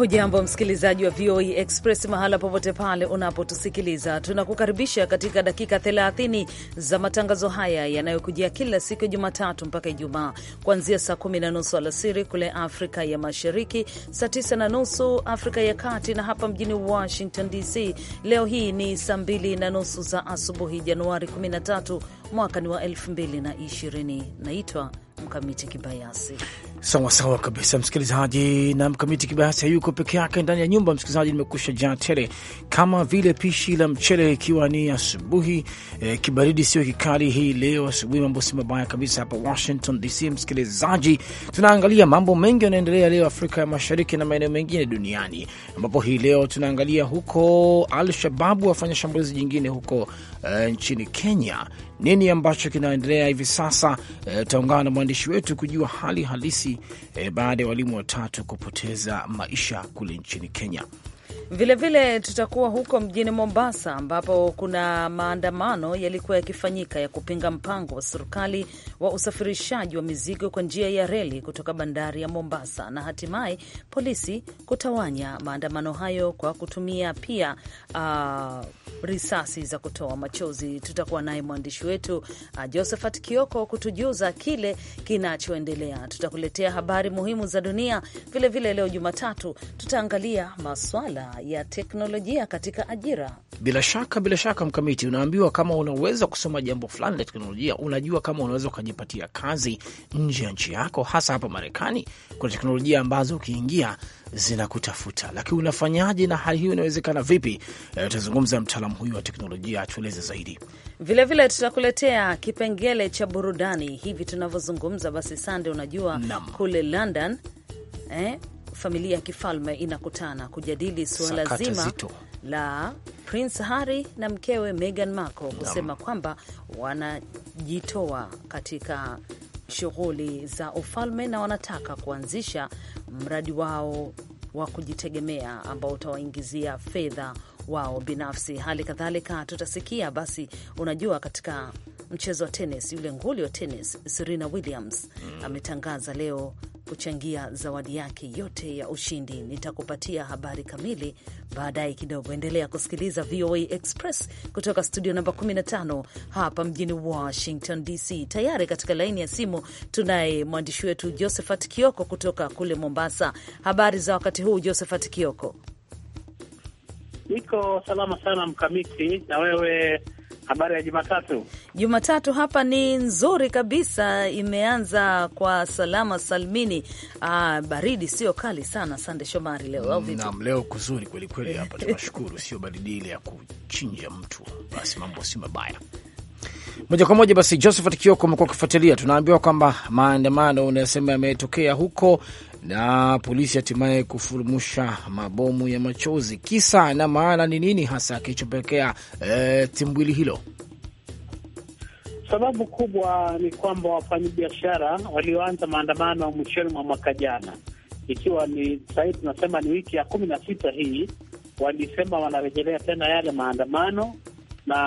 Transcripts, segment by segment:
Hujambo msikilizaji wa VOA e Express mahala popote pale unapotusikiliza, tunakukaribisha katika dakika 30 za matangazo haya yanayokujia kila siku ya Jumatatu mpaka Ijumaa, kuanzia saa kumi na nusu alasiri kule Afrika ya Mashariki, saa tisa na nusu Afrika ya Kati, na hapa mjini Washington DC leo hii ni saa mbili na nusu za asubuhi, Januari 13 mwaka ni wa 2020. Naitwa Mkamiti Kibayasi Sawa sawa kabisa, msikilizaji. Na mkamiti kibayasi hayuko peke yake ndani ya nyumba, msikilizaji, nimekusha jaa tele kama vile pishi la mchele, ikiwa ni asubuhi e, kibaridi sio kikali hii leo asubuhi. Mambo si mabaya kabisa hapa Washington DC. Msikilizaji, tunaangalia mambo mengi yanaendelea leo Afrika ya Mashariki na maeneo mengine duniani, ambapo hii leo tunaangalia huko Al Shababu wafanya shambulizi jingine huko e, nchini Kenya nini ambacho kinaendelea hivi sasa. Eh, tutaungana na mwandishi wetu kujua hali halisi e, baada ya walimu watatu kupoteza maisha kule nchini Kenya. Vilevile tutakuwa huko mjini Mombasa ambapo kuna maandamano yalikuwa yakifanyika ya kupinga mpango wa serikali wa usafirishaji wa mizigo kwa njia ya reli kutoka bandari ya Mombasa, na hatimaye polisi kutawanya maandamano hayo kwa kutumia pia uh, risasi za kutoa machozi. Tutakuwa naye mwandishi wetu uh, Josephat Kioko kutujuza kile kinachoendelea. Tutakuletea habari muhimu za dunia. Vilevile vile leo Jumatatu tutaangalia maswala masuala ya teknolojia katika ajira. Bila shaka, bila shaka, Mkamiti, unaambiwa kama unaweza kusoma jambo fulani la teknolojia, unajua kama unaweza ukajipatia kazi nje ya nchi yako, hasa hapa Marekani. Kuna teknolojia ambazo ukiingia zinakutafuta, lakini unafanyaje? Na hali hiyo inawezekana vipi? Eh, Utazungumza e, mtaalamu huyu wa teknolojia atueleze zaidi. Vilevile tutakuletea kipengele cha burudani hivi tunavyozungumza. Basi Sande, unajua Nam. kule London eh? familia ya kifalme inakutana kujadili suala zima zito la Prince Harry na mkewe Meghan Markle kusema kwamba wanajitoa katika shughuli za ufalme na wanataka kuanzisha mradi wao wa kujitegemea ambao utawaingizia fedha wao binafsi. Hali kadhalika tutasikia basi, unajua katika mchezo wa tenis, yule nguli wa tenis Serena Williams mm. ametangaza leo kuchangia zawadi yake yote ya ushindi. Nitakupatia habari kamili baadaye kidogo. Endelea kusikiliza VOA Express kutoka studio namba 15 hapa mjini Washington DC. Tayari katika laini ya simu tunaye mwandishi wetu Josephat Kioko kutoka kule Mombasa. Habari za wakati huu, Josephat Kioko? Niko salama sana Mkamiti, na wewe Habari ya Jumatatu. Jumatatu hapa ni nzuri kabisa, imeanza kwa salama salmini. Ah, baridi sio kali sana. Sande Shomari, leo au vipi? Naam, leo kuzuri kwelikweli hapa tunashukuru, sio baridi ile ya kuchinja mtu. Basi mambo si mabaya. Moja kwa moja basi, Josephat Kioko, amekuwa akifuatilia. tunaambiwa kwamba maandamano unayosema yametokea huko na polisi hatimaye kufurumusha mabomu ya machozi. Kisa na maana ni nini hasa kilichopelekea e, timbwili hilo? Sababu kubwa ni kwamba wafanyabiashara walioanza maandamano mwishoni mwa mwaka jana, ikiwa ni sahii tunasema ni wiki ya kumi na sita hii, walisema wanarejelea tena yale maandamano, na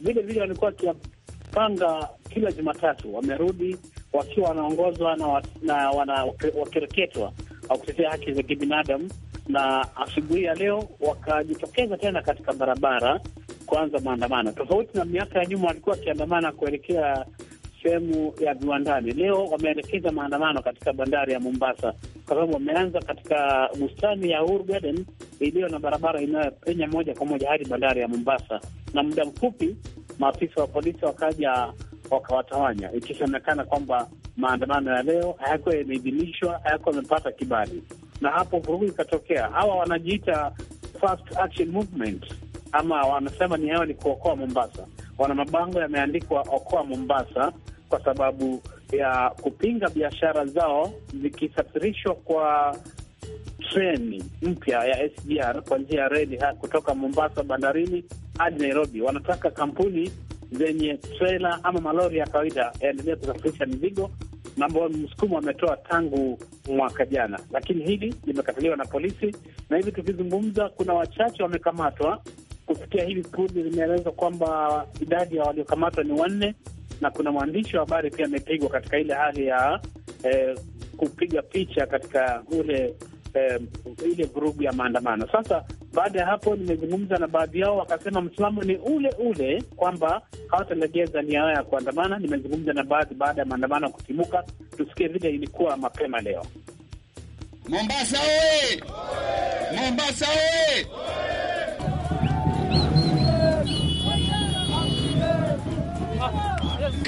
vile vile walikuwa wakiapanga kila Jumatatu, wamerudi wakiwa wanaongozwa na, na wanawakereketwa wa kutetea haki za kibinadamu, na asubuhi ya leo wakajitokeza tena katika barabara kuanza maandamano. Tofauti na miaka ya nyuma walikuwa wakiandamana kuelekea sehemu ya viwandani, leo wameelekeza maandamano katika bandari ya Mombasa, kwa sababu wameanza katika bustani ya Uhuru Garden iliyo na barabara inayopenya moja kwa moja hadi bandari ya Mombasa, na muda mfupi maafisa wa polisi wakaja wakawatawanya, ikisemekana kwamba maandamano ya leo hayakuwa yameidhinishwa, hayakuwa yamepata kibali, na hapo vurugu ikatokea. Hawa wanajiita First Action Movement ama wanasema ni hawa ni kuokoa Mombasa. Wana mabango yameandikwa okoa Mombasa kwa sababu ya kupinga biashara zao zikisafirishwa kwa treni mpya ya SGR kwa njia ya reli kutoka Mombasa bandarini hadi Nairobi. Wanataka kampuni zenye trela ama malori ya kawaida yaendelea kusafirisha mizigo, na ambao msukumo wametoa tangu mwaka jana, lakini hili limekataliwa na polisi, na hivi tukizungumza, kuna wachache wamekamatwa. Kufikia hivi punde, limeelezwa kwamba idadi ya waliokamatwa ni wanne, na kuna mwandishi wa habari pia amepigwa katika ile hali ya eh, kupiga picha katika ule eh, ile vurugu ya maandamano. Sasa baada ya hapo, nimezungumza na baadhi yao, wakasema msimamo ni ule ule kwamba hawatalegeza nia yao ya kuandamana. Nimezungumza na baadhi baada ya maandamano ya kutimuka. Tusikie vile ilikuwa mapema leo. Mombasa oye! Mombasa oye!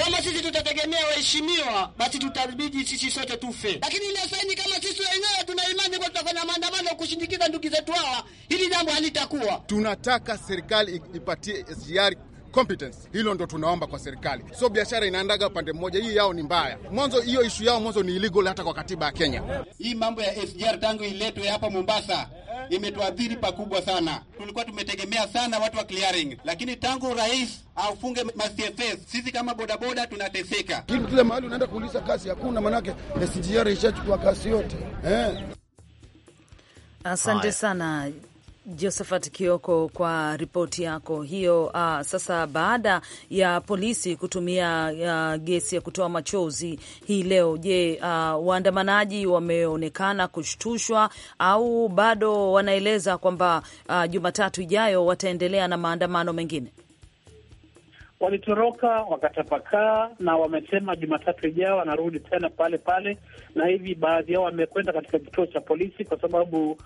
Kama sisi tutategemea waheshimiwa, basi tutabidi sisi sote tufe. Lakini ile saini, kama sisi wenyewe tuna imani kwa tutafanya maandamano kushindikiza ndugu zetu hawa, hili jambo halitakuwa. Tunataka serikali ipatie SGR competence. Hilo ndo tunaomba kwa serikali, so biashara inaandaga upande mmoja. Hii yao ni mbaya, mwanzo hiyo ishu yao mwanzo ni illegal hata kwa katiba ya Kenya. Hii mambo ya SGR tangu iletwe hapa Mombasa imetuathiri pakubwa sana. Tulikuwa tumetegemea sana watu wa clearing, lakini tangu rais afunge ma-CFS sisi kama bodaboda tunateseka. kile mahali unaenda kuuliza kazi hakuna, manake SGR ishachukua kazi yote eh. Asante sana Josephat Kioko kwa ripoti yako hiyo. Uh, sasa baada ya polisi kutumia uh, gesi ya kutoa machozi hii leo, je, uh, waandamanaji wameonekana kushtushwa au bado wanaeleza kwamba uh, Jumatatu ijayo wataendelea na maandamano mengine? walitoroka wakatapakaa, na wamesema Jumatatu ijao wanarudi tena pale pale, na hivi baadhi yao wamekwenda katika kituo cha polisi, kwa sababu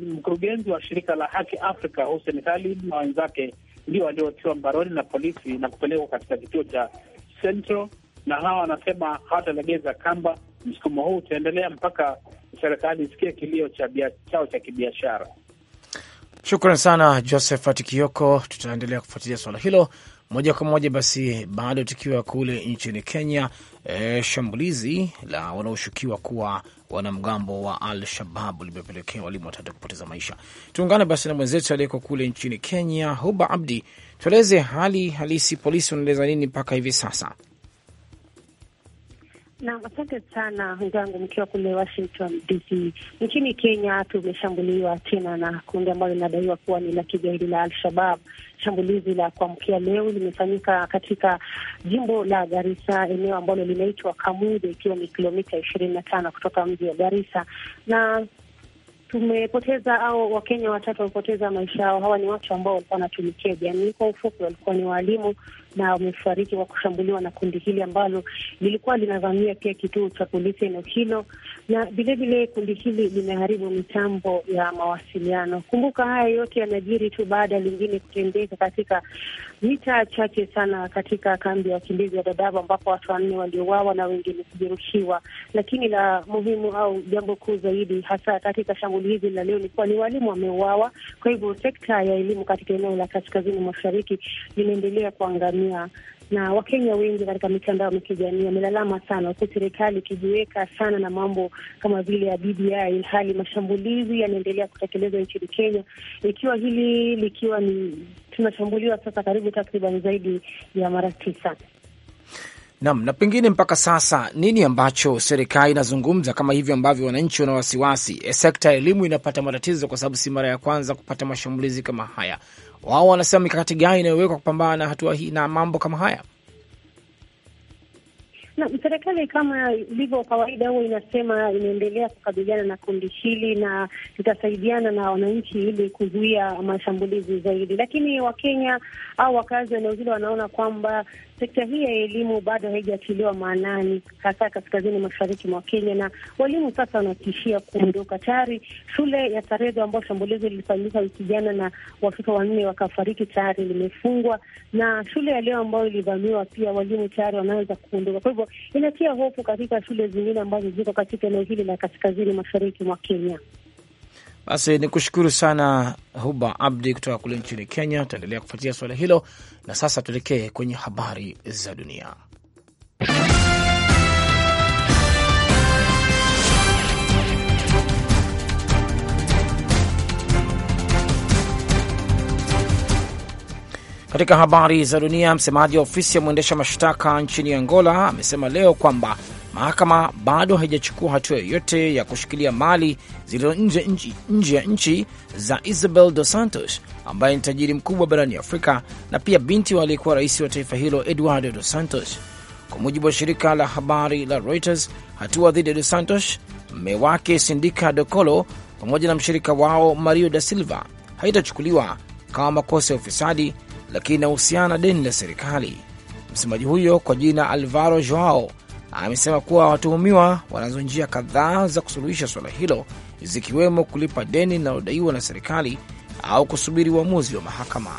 mkurugenzi wa shirika la Haki Afrika Hussein Khalid na wenzake ndio waliotiwa mbaroni na polisi na kupelekwa katika kituo cha Central, na hawa wanasema hawatalegeza kamba. Msukumo huu utaendelea mpaka serikali isikie kilio cha chao cha kibiashara. Shukran sana Josephat Kioko, tutaendelea kufuatilia swala hilo moja kwa moja. Basi bado tukiwa kule nchini Kenya, e, shambulizi la wanaoshukiwa kuwa wanamgambo wa Al Shabab limepelekea walimu watatu kupoteza maisha. Tuungane basi na mwenzetu aliyeko kule nchini Kenya, Huba Abdi, tueleze hali halisi, polisi wanaeleza nini mpaka hivi sasa? Naam, asante sana wenzangu, mkiwa kule Washington DC. Nchini Kenya tumeshambuliwa tena na kundi ambalo linadaiwa kuwa ni la kigaidi la Al-Shabab. Shambulizi la kuamkia leo limefanyika katika jimbo la Garissa, eneo ambalo linaitwa Kamude, ikiwa ni kilomita ishirini na tano kutoka mji wa Garissa na tumepoteza au Wakenya watatu wamepoteza maisha yao. Hawa ni watu ambao walikuwa wanatumikia jamii. Kwa ufupi, walikuwa ni waalimu na wamefariki kwa kushambuliwa na kundi hili ambalo lilikuwa linavamia pia kituo cha polisi eneo hilo, na vilevile kundi hili limeharibu mitambo ya mawasiliano. Kumbuka haya yote yanajiri tu baada lingine kutendeka katika mita chache sana katika kambi ya wakimbizi ya Dadaab ambapo watu wanne waliouawa na wengine kujeruhiwa. Lakini la muhimu au jambo kuu zaidi hasa katika shambuli hizi la leo ni kuwa ni walimu wameuawa. Kwa hivyo sekta ya elimu katika eneo la kaskazini mashariki linaendelea kuangamia. Tanzania na Wakenya wengi katika mitandao ya kijamii wamelalama sana, huku serikali ikijiweka sana na mambo kama vile ya BBI, ilhali mashambulizi yanaendelea kutekelezwa nchini Kenya, ikiwa hili likiwa ni tunashambuliwa sasa karibu takriban zaidi ya mara tisa. Naam, na pengine mpaka sasa nini ambacho serikali inazungumza kama hivyo ambavyo wananchi wana wasiwasi? E, sekta ya elimu inapata matatizo kwa sababu si mara ya kwanza kupata mashambulizi kama haya wao wanasema mikakati gani inayowekwa kupambana na hatua hii na mambo kama haya? Na serikali kama ilivyo kawaida huwa inasema inaendelea kukabiliana na kundi hili na itasaidiana na wananchi ili kuzuia mashambulizi zaidi, lakini Wakenya au wakazi wa eneo hilo wanaona kwamba sekta hii ya elimu bado haijatiliwa maanani, hasa kaskazini mashariki mwa Kenya, na walimu sasa wanatishia kuondoka. Tayari shule ya Taredo ambayo shambulizi lilifanyika wiki jana na watoto wanne wakafariki tayari limefungwa, na shule ya leo ambayo ilivamiwa pia walimu tayari wanaweza kuondoka. Kwa hivyo inatia hofu katika shule zingine ambazo ziko katika eneo hili la kaskazini mashariki mwa Kenya. Basi ni kushukuru sana Huba Abdi kutoka kule nchini Kenya. Tutaendelea kufuatia suala hilo, na sasa tuelekee kwenye habari za dunia. Katika habari za dunia, msemaji wa ofisi ya mwendesha mashtaka nchini Angola amesema leo kwamba mahakama bado haijachukua hatua yoyote ya kushikilia mali zilizo nje, nje ya nchi za Isabel Dos Santos ambaye ni tajiri mkubwa barani Afrika na pia binti wa aliyekuwa rais wa taifa hilo Eduardo Dos Santos. Kwa mujibu wa shirika la habari la Reuters, hatua dhidi ya Dos Santos, mme wake Sindika docolo pamoja na mshirika wao Mario Da Silva haitachukuliwa kama makosa ya ufisadi, lakini inahusiana na deni la serikali. Msemaji huyo kwa jina Alvaro Joao amesema kuwa watuhumiwa wanazo njia kadhaa za kusuluhisha suala hilo, zikiwemo kulipa deni linalodaiwa na serikali au kusubiri uamuzi wa mahakama.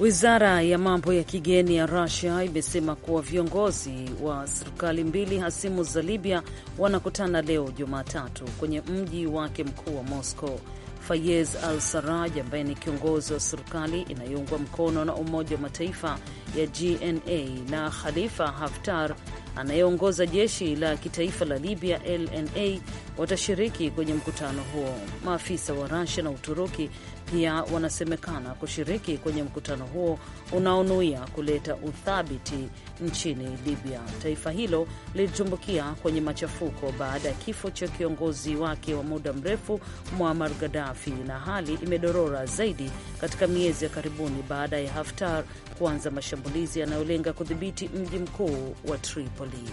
Wizara ya mambo ya kigeni ya Rusia imesema kuwa viongozi wa serikali mbili hasimu za Libya wanakutana leo Jumatatu kwenye mji wake mkuu wa Moscow Fayez al saraj ambaye ni kiongozi wa serikali inayoungwa mkono na Umoja wa Mataifa ya GNA na Khalifa Haftar anayeongoza jeshi la kitaifa la Libya LNA watashiriki kwenye mkutano huo. Maafisa wa rasia na Uturuki pia wanasemekana kushiriki kwenye mkutano huo unaonuia kuleta uthabiti nchini Libya. Taifa hilo lilitumbukia kwenye machafuko baada ya kifo cha kiongozi wake wa muda mrefu Muammar Gaddafi, na hali imedorora zaidi katika miezi ya karibuni baada ya Haftar kuanza mashambulizi yanayolenga kudhibiti mji mkuu wa Tripoli.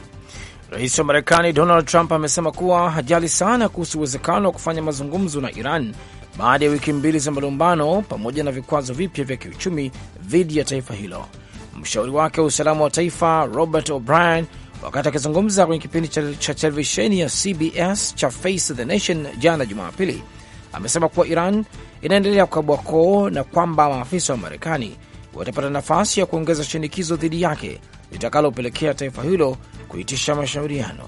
Rais wa Marekani Donald Trump amesema kuwa hajali sana kuhusu uwezekano wa kufanya mazungumzo na Iran baada ya wiki mbili za malumbano pamoja na vikwazo vipya vya kiuchumi dhidi ya taifa hilo. Mshauri wake wa usalama wa taifa Robert O'Brien, wakati akizungumza kwenye kipindi cha televisheni ya CBS cha Face the Nation jana Jumapili, amesema kuwa Iran inaendelea kukabwa koo na kwamba maafisa wa Marekani watapata nafasi ya kuongeza shinikizo dhidi yake litakalopelekea taifa hilo kuitisha mashauriano.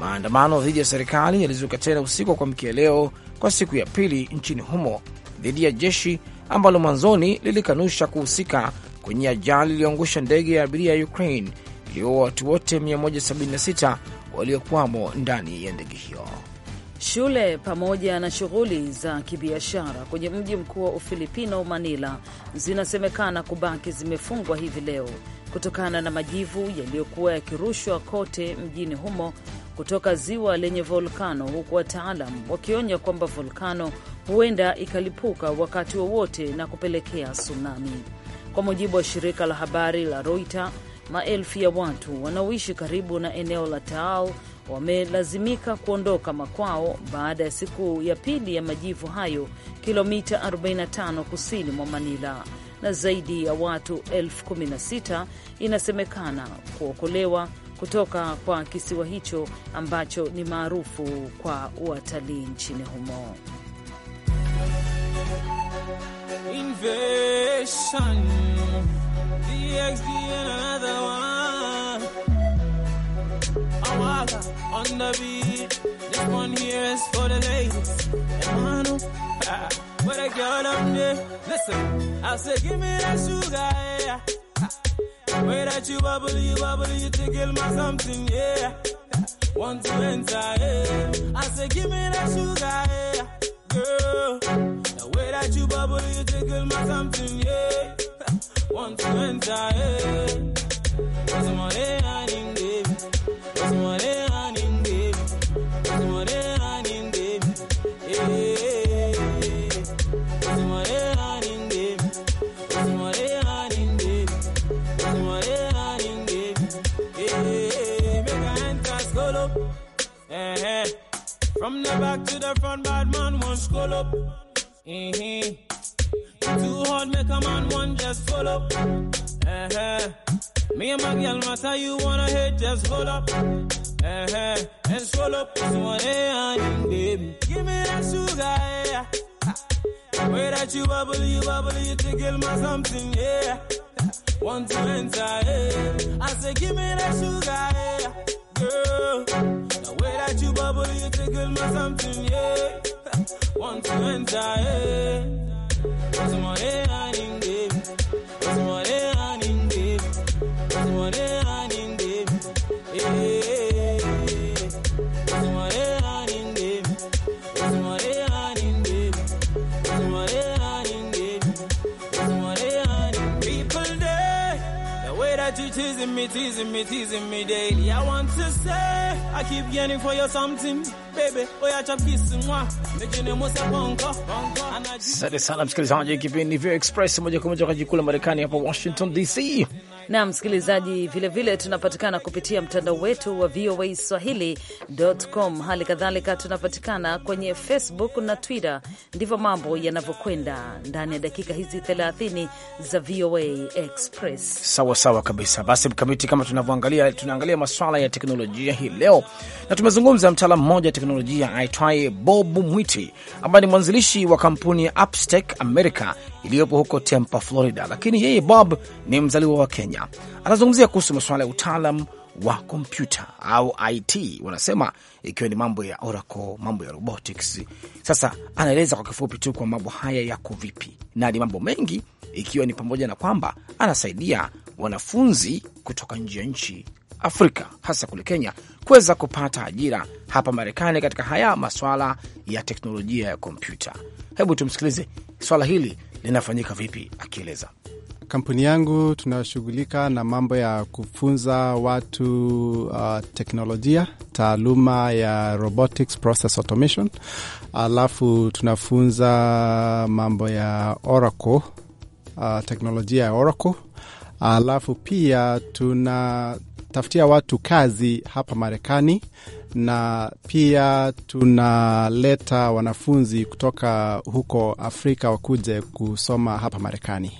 Maandamano dhidi ya serikali yalizuka tena usiku wa kuamkia leo kwa siku ya pili nchini humo dhidi ya jeshi ambalo mwanzoni lilikanusha kuhusika kwenye ajali iliyoangusha ndege ya abiria ya Ukraine iliyoua watu wote 176 waliokwamo ndani ya ndege hiyo. Shule pamoja na shughuli za kibiashara kwenye mji mkuu wa Ufilipino, Manila, zinasemekana kubaki zimefungwa hivi leo kutokana na majivu yaliyokuwa yakirushwa kote mjini humo kutoka ziwa lenye volkano, huku wataalam wakionya kwamba volkano huenda ikalipuka wakati wowote wa na kupelekea tsunami. Kwa mujibu wa shirika la habari la Reuters, maelfu ya watu wanaoishi karibu na eneo la Taal wamelazimika kuondoka makwao baada ya siku ya pili ya majivu hayo, kilomita 45 kusini mwa Manila, na zaidi ya watu elfu 16 inasemekana kuokolewa kutoka kwa kisiwa hicho ambacho ni maarufu kwa watalii nchini humo. Invasion, Way that you bubble, you bubble, you tickle my something, yeah. Want to enter, yeah. I say, give me that sugar, yeah. Girl, the way that you bubble, you tickle my something, yeah. Want to enter, yeah. What's my day, I need, baby? What's my day? From the back to the front, bad man, one scroll up. Mm-hmm. Too hard, make a man, one just pull up. Uh-huh. Me and my girl, matter you wanna hit, just hold up. Uh-huh. And scroll up, it's one day, i baby. Give me that sugar, yeah. Way that you bubble, you bubble, you tickle my something, yeah. Want to enter, yeah. I say, give me that sugar, yeah girl. The way that you bubble, you tickle me something, yeah. Want to enter, yeah. Somebody hiding. teasing me, teasing me, teasing me daily. I want to say, I keep yearning for your something, baby. Oya oh, chap kiss mwa, mekine mose bongo, bongo. Asante sana msikilizaji, kipindi Vio Express moja kwa moja kwa jikuu la Marekani hapa Washington DC. na msikilizaji, vilevile tunapatikana kupitia mtandao wetu wa VOA Swahili.com. Hali kadhalika tunapatikana kwenye Facebook na Twitter. Ndivyo mambo yanavyokwenda ndani ya dakika hizi 30 za VOA Express. Sawa sawa kabisa. Basi Mkamiti, kama tunavyoangalia, tunaangalia maswala ya teknolojia hii leo, na tumezungumza mtaalamu mmoja wa teknolojia aitwaye Bob Mwiti ambaye ni mwanzilishi wa kampuni ya Upstack America iliyopo huko Tampa, Florida, lakini yeye Bob ni mzaliwa wa Kenya. Anazungumzia kuhusu masuala ya utaalam wa kompyuta au IT wanasema, ikiwa ni mambo ya Oracle, mambo ya robotics. Sasa anaeleza kwa kifupi tu kwa mambo haya yako vipi, na ni mambo mengi, ikiwa ni pamoja na kwamba anasaidia wanafunzi kutoka nje ya nchi Afrika hasa kule Kenya kuweza kupata ajira hapa Marekani katika haya maswala ya teknolojia ya kompyuta. Hebu tumsikilize swala hili linafanyika vipi, akieleza Kampuni yangu tunashughulika na mambo ya kufunza watu uh, teknolojia, taaluma ya robotics process automation, alafu tunafunza mambo ya Oracle, uh, teknolojia ya Oracle, alafu pia tunatafutia watu kazi hapa Marekani na pia tunaleta wanafunzi kutoka huko Afrika wakuje kusoma hapa Marekani.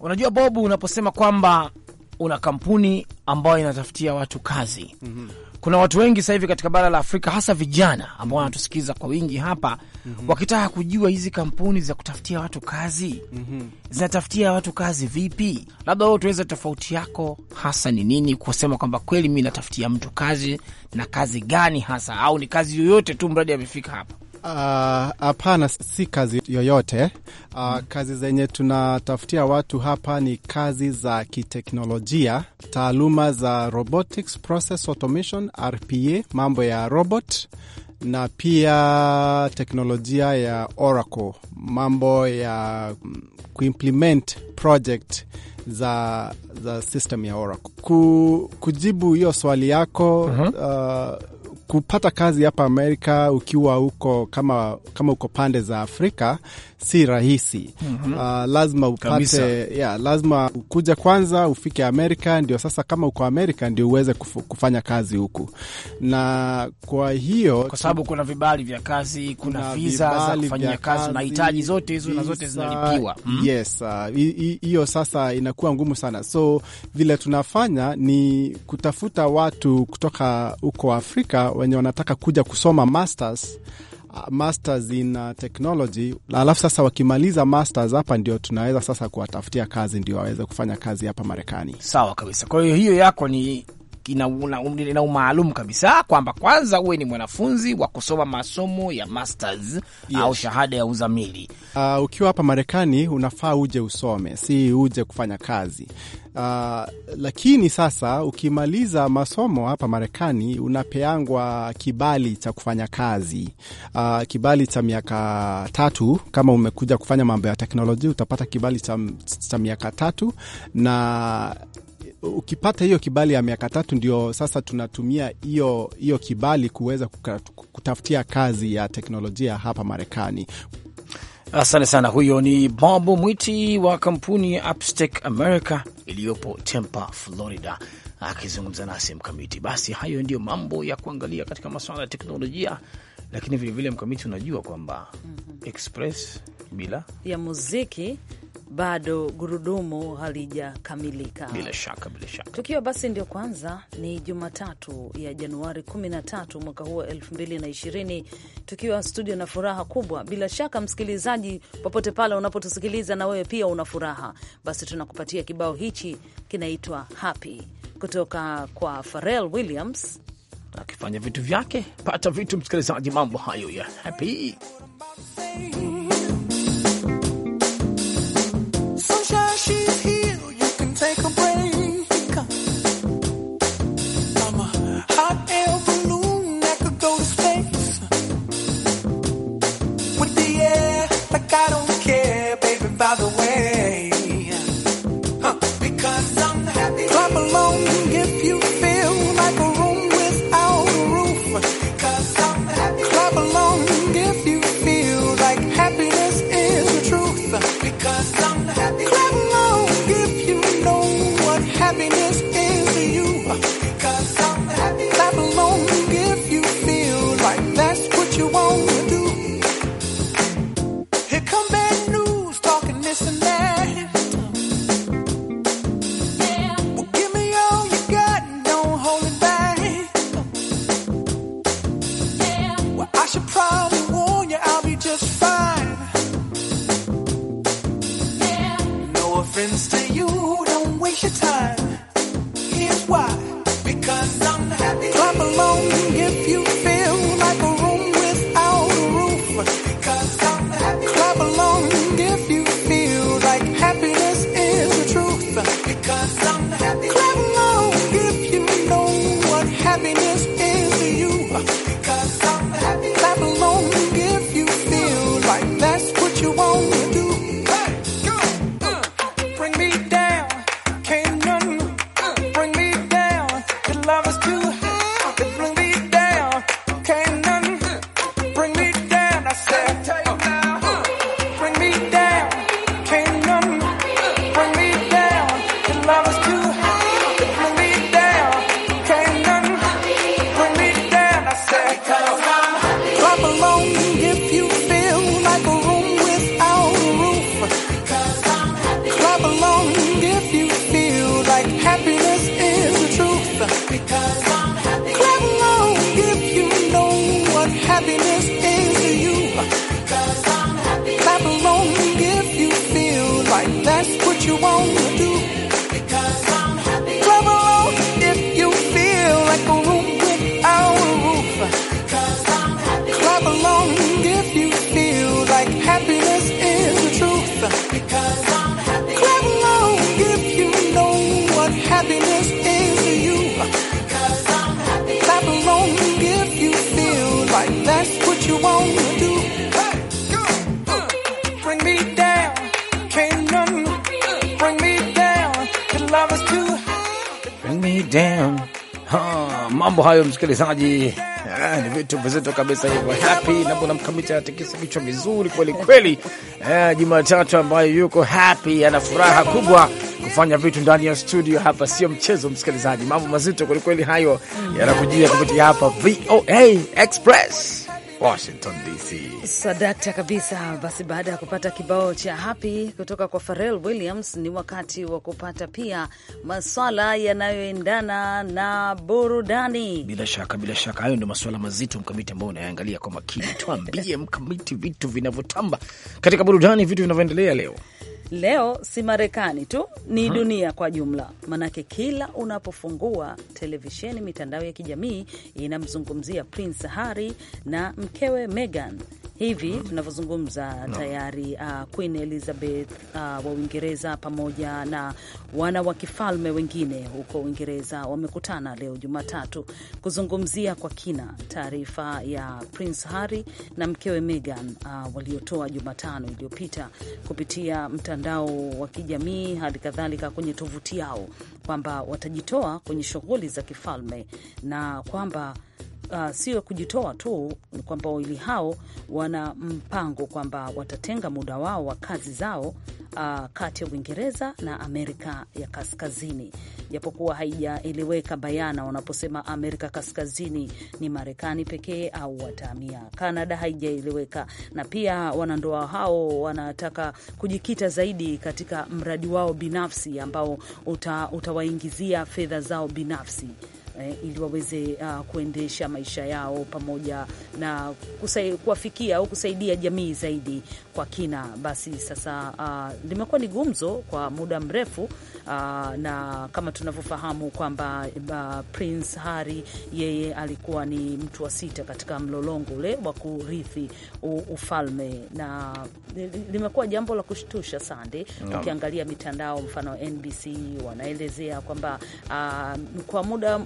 Unajua Bob, unaposema kwamba una kampuni ambayo inatafutia watu kazi mm -hmm. Kuna watu wengi sasa hivi katika bara la Afrika, hasa vijana ambao wanatusikiliza kwa wingi hapa -hmm. wakitaka kujua hizi kampuni za kutafutia watu kazi mm -hmm. zinatafutia watu kazi vipi? Labda wewe tuweza tofauti yako hasa ni nini, kusema kwamba kweli mi natafutia mtu kazi na kazi gani hasa, au ni kazi yoyote tu mradi amefika hapa? Ah, hapana, uh, si kazi yoyote uh, mm. Kazi zenye tunatafutia watu hapa ni kazi za kiteknolojia, taaluma za robotics, process automation, RPA, mambo ya robot na pia teknolojia ya Oracle, mambo ya kuimplement project za, za system ya Oracle. Ku, kujibu hiyo swali yako uh -huh. uh, kupata kazi hapa Amerika ukiwa huko kama, kama uko pande za Afrika si rahisi mm -hmm. Uh, lazima upate yeah, lazima ukuja kwanza ufike Amerika, ndio sasa kama uko Amerika ndio uweze kufu, kufanya kazi huku, na kwa hiyo kwa sababu kuna vibali vya kazi, kuna visa za kufanyia kazi, mahitaji zote hizo na zote zinalipiwa mm -hmm. Yes, ah, hiyo uh, sasa inakuwa ngumu sana, so vile tunafanya ni kutafuta watu kutoka huko Afrika wenye wanataka kuja kusoma masters masters in uh, technology, alafu sasa wakimaliza masters hapa ndio tunaweza sasa kuwatafutia kazi ndio waweze kufanya kazi hapa Marekani. Sawa kabisa. Kwa hiyo hiyo yako ni ina, um, umaalum kabisa kwamba kwanza uwe ni mwanafunzi wa kusoma masomo ya masters yes, au shahada ya uzamili. Uh, ukiwa hapa Marekani unafaa uje usome, si uje kufanya kazi. Uh, lakini sasa ukimaliza masomo hapa Marekani unapeangwa kibali cha kufanya kazi uh, kibali cha miaka tatu. Kama umekuja kufanya mambo ya teknolojia utapata kibali cha, cha miaka tatu na ukipata hiyo kibali ya miaka tatu, ndio sasa tunatumia hiyo hiyo kibali kuweza kutafutia kazi ya teknolojia hapa Marekani. Asante sana. Huyo ni Bob Mwiti wa kampuni ya Upstek America iliyopo Tampa, Florida, akizungumza nasi Mkamiti. Basi hayo ndiyo mambo ya kuangalia katika masuala ya teknolojia, lakini vilevile Mkamiti, unajua kwamba mm -hmm. express bila ya muziki bado gurudumu halijakamilika. Bila shaka, bila shaka. basi ndio kwanza, ni Jumatatu ya Januari 13 mwaka huu wa 2020, tukiwa studio na furaha kubwa. Bila shaka, msikilizaji, popote pale unapotusikiliza, na wewe pia una furaha, basi tunakupatia kibao hichi, kinaitwa Happy kutoka kwa Pharrell Williams akifanya vitu vyake. Pata vitu, msikilizaji, mambo hayo ya Happy mambo hayo, msikilizaji, eh, ni vitu vizito kabisa hivyo. Happy na bwana mkamiti anatikisa kichwa vizuri kweli kweli. Ah, Jumatatu ambayo yuko happy, ana furaha kubwa kufanya vitu ndani ya studio hapa, sio mchezo msikilizaji. Mambo mazito kweli kweli hayo yanakujia kupitia hapa VOA Express. Washington DC. Sadakta kabisa. Basi baada ya kupata kibao cha happy kutoka kwa Pharrell Williams, ni wakati wa kupata pia maswala yanayoendana na burudani. Bila shaka, bila shaka, hayo ndio maswala mazito Mkamiti ambao unayangalia kwa makini. Tuambie Mkamiti, vitu vinavyotamba katika burudani, vitu vinavyoendelea leo leo si Marekani tu, ni mhm. dunia kwa jumla, manake kila unapofungua televisheni, mitandao ya kijamii inamzungumzia Prince Harry na mkewe Meghan. Hivi mhm. tunavyozungumza no. Tayari uh, Queen Elizabeth uh, wa Uingereza pamoja na wana wa kifalme wengine huko Uingereza wamekutana leo Jumatatu kuzungumzia kwa kina taarifa ya Prince Harry na mkewe Meghan uh, waliotoa Jumatano iliyopita kupitia mtandao mtandao wa kijamii, hali kadhalika kwenye tovuti yao kwamba watajitoa kwenye shughuli za kifalme na kwamba Uh, sio kujitoa tu, kwamba wawili hao wana mpango kwamba watatenga muda wao wa kazi zao uh, kati ya Uingereza na Amerika ya Kaskazini, japokuwa haijaeleweka bayana wanaposema Amerika Kaskazini ni Marekani pekee au watahamia Kanada, haijaeleweka. Na pia wanandoa hao wanataka kujikita zaidi katika mradi wao binafsi ambao uta, utawaingizia fedha zao binafsi eh, ili waweze uh, kuendesha maisha yao pamoja na kuwafikia au kusaidia jamii zaidi kwa kina. Basi sasa uh, limekuwa ni gumzo kwa muda mrefu uh, na kama tunavyofahamu kwamba uh, Prince Harry yeye alikuwa ni mtu wa sita katika mlolongo ule wa kurithi ufalme, na limekuwa jambo la kushtusha Sande. mm. Ukiangalia mitandao mfano NBC wanaelezea kwamba uh, kwa muda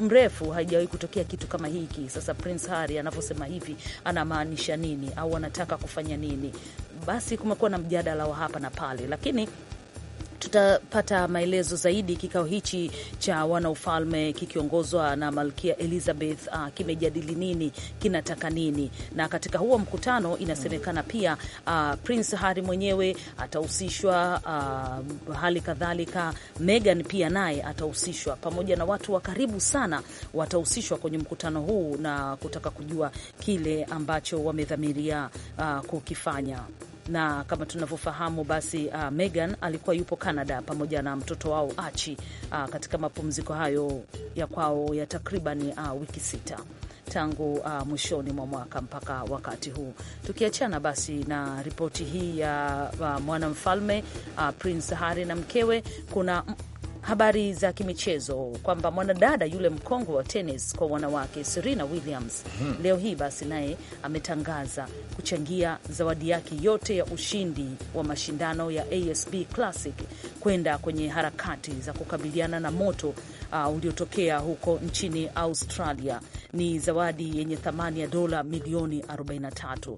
mrefu haijawahi kutokea kitu kama hiki. Sasa Prince Harry anavyosema hivi anamaanisha nini au anataka kufanya nini? Basi kumekuwa na mjadala wa hapa na pale, lakini tutapata maelezo zaidi. Kikao hichi cha wanaufalme kikiongozwa na Malkia Elizabeth uh, kimejadili nini, kinataka nini? Na katika huo mkutano inasemekana pia uh, Prince Harry mwenyewe atahusishwa, uh, hali kadhalika Meghan pia naye atahusishwa, pamoja na watu wa karibu sana watahusishwa kwenye mkutano huu na kutaka kujua kile ambacho wamedhamiria uh, kukifanya na kama tunavyofahamu basi, uh, Megan alikuwa yupo Canada pamoja na mtoto wao Achi, uh, katika mapumziko hayo ya kwao ya takriban uh, wiki sita tangu uh, mwishoni mwa mwaka mpaka wakati huu. Tukiachana basi na ripoti hii ya uh, mwanamfalme uh, Prince Harry na mkewe, kuna habari za kimichezo kwamba mwanadada yule mkongwe wa tenis kwa wanawake Serena Williams hmm, leo hii basi naye ametangaza kuchangia zawadi yake yote ya ushindi wa mashindano ya ASB Classic kwenda kwenye harakati za kukabiliana na moto uh, uliotokea huko nchini Australia. Ni zawadi yenye thamani ya dola milioni 43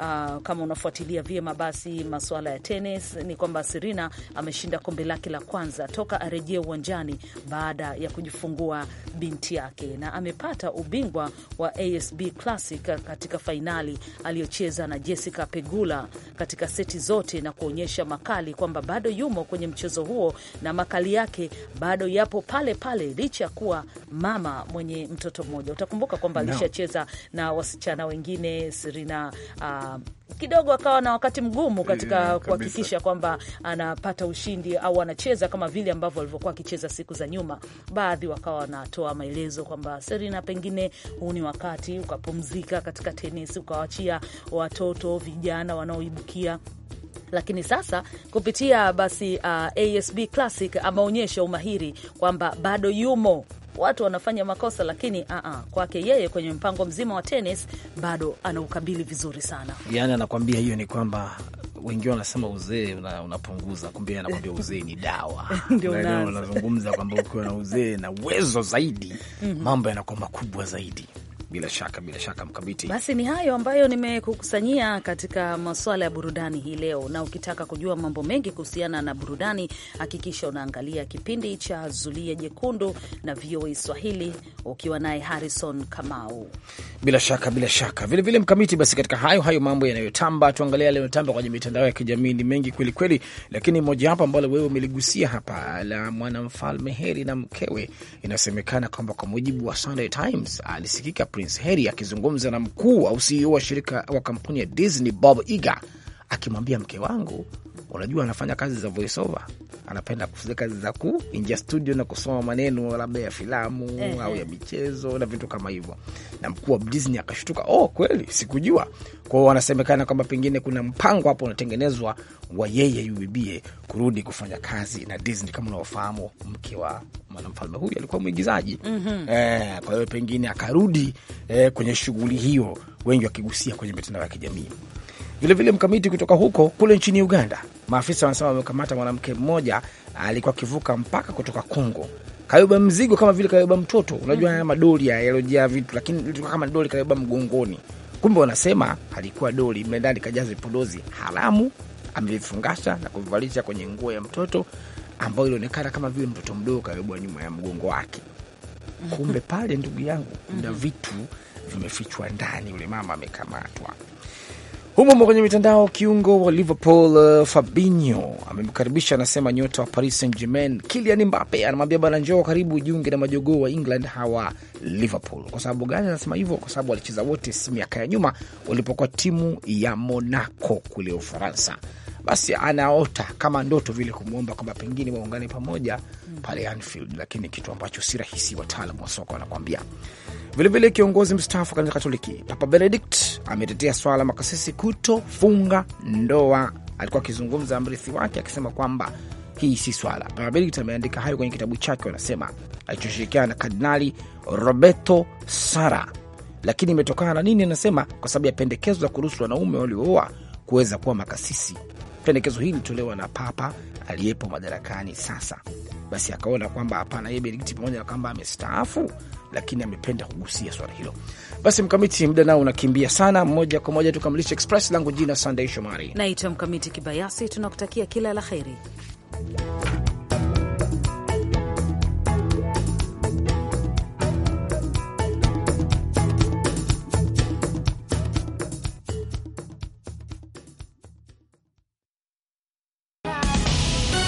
uh, kama unafuatilia vyema basi masuala ya tenis ni kwamba Serena ameshinda kombe lake la kwanza toka arejee uwanjani baada ya kujifungua binti yake, na amepata ubingwa wa ASB Classic katika fainali aliyocheza na Jessica Pegula katika seti zote, na kuonyesha makali kwamba bado yumo kwenye mchezo huo na makali yake bado yapo pale pale, licha ya kuwa mama mwenye mtoto mmoja. Utakumbuka kwamba alishacheza no. na wasichana wengine Serena uh, kidogo akawa na wakati mgumu katika yeah, kuhakikisha kwamba anapata ushindi au anacheza kama vile ambavyo alivyokuwa akicheza siku za nyuma. Baadhi wakawa wanatoa maelezo kwamba Serena, pengine huu ni wakati ukapumzika katika tenisi, ukawachia watoto vijana wanaoibukia lakini sasa kupitia basi uh, ASB Classic ameonyesha umahiri kwamba bado yumo watu wanafanya makosa, lakini uh -uh, kwake yeye kwenye mpango mzima wa tenis bado anaukabili vizuri sana. Yani anakwambia hiyo ni kwamba wengi wanasema uzee unapunguza una, kumbe anakwambia uzee ni dawa. Ndio unazungumza kwamba ukiwa na uzee na uwezo zaidi, mm -hmm. mambo yanakuwa makubwa zaidi. Bila shaka, bila shaka mkabiti. basi ni hayo ambayo nimekukusanyia katika masuala ya burudani hii leo, na ukitaka kujua mambo mengi kuhusiana na burudani, hakikisha unaangalia kipindi cha Zulia Jekundu na VOA Swahili ukiwa naye Harrison Kamau. Bila shaka, bila shaka vilevile vile Mkamiti, basi katika hayo hayo mambo yanayotamba, tuangalia yale yanayotamba kwenye mitandao ya kijamii. Ni mengi kwelikweli, lakini mojawapo ambalo wewe umeligusia hapa la mwanamfalme Heri na mkewe, inasemekana kwamba kwa mujibu wa Sunday Times alisikika Prince Harry akizungumza na mkuu au CEO wa shirika wa kampuni ya Disney Bob Iger akimwambia mke wangu Unajua, anafanya kazi za voice over, anapenda kufanya kazi za kuingia studio na kusoma maneno labda ya filamu eh, au ya michezo na vitu kama hivyo, na mkuu wa Disney akashtuka, oh, kweli sikujua. hiyo wanasemekana kwamba pengine kuna mpango hapo unatengenezwa wa yeye yubibie kurudi kufanya kazi na Disney. Kama unavyofahamu, mke wa mwanamfalme huyu alikuwa mwigizaji mm -hmm. Eh, kwa hiyo pengine akarudi eh, kwenye shughuli hiyo, wengi wakigusia kwenye mitandao ya kijamii Vilevile mkamiti kutoka huko kule nchini Uganda, maafisa wanasema wamekamata mwanamke mmoja alikuwa akivuka mpaka kutoka Kongo kabeba mzigo kama vile kabeba mtoto, unajua haya mm-hmm. madoli yalojaa vitu, lakini ilikuwa kama doli kabeba mgongoni, kumbe wanasema alikuwa doli, mlendani kajaza vipodozi haramu, amevifungasha na kuvivalisha kwenye nguo ya mtoto ambayo ilionekana kama vile mtoto mdogo kabebwa nyuma ya mgongo wake. Kumbe pale, ndugu yangu, kuna mm-hmm. vitu vimefichwa ndani. ule mama amekamatwa. Humo kwenye mitandao, kiungo wa Liverpool uh, Fabinho amemkaribisha anasema nyota wa Paris Saint Germain Kilian Mbappe, anamwambia bana, njoo karibu, ujiunge na majogoo wa England hawa Liverpool. Kwa sababu gani anasema hivyo? Kwa sababu walicheza wote miaka ya nyuma walipokuwa timu ya Monaco kule Ufaransa basi anaota kama ndoto vile kumwomba kwamba pengine waungane pamoja pale Anfield, lakini kitu ambacho si rahisi, wataalam wa soka wanakuambia. Vilevile kiongozi mstaafu kanisa Katoliki Papa Benedict ametetea swala la makasisi kutofunga ndoa. Alikuwa akizungumza mrithi wake akisema kwamba hii si swala. Papa Benedict ameandika hayo kwenye kitabu chake, wanasema alichoshirikiana na Kardinali Roberto Sara. Lakini imetokana na nini? Anasema kwa sababu ya pendekezo la kuruhusu wanaume walioa kuweza kuwa makasisi Pendekezo hili litolewa na papa aliyepo madarakani sasa. Basi akaona kwamba hapana, yeye Benedikti pamoja na kwamba amestaafu, lakini amependa kugusia swala hilo. Basi Mkamiti, muda nao unakimbia sana. Moja kwa moja tukamilisha Express langu jina sandey Shomari, naitwa Mkamiti Kibayasi. Tunakutakia kila la heri.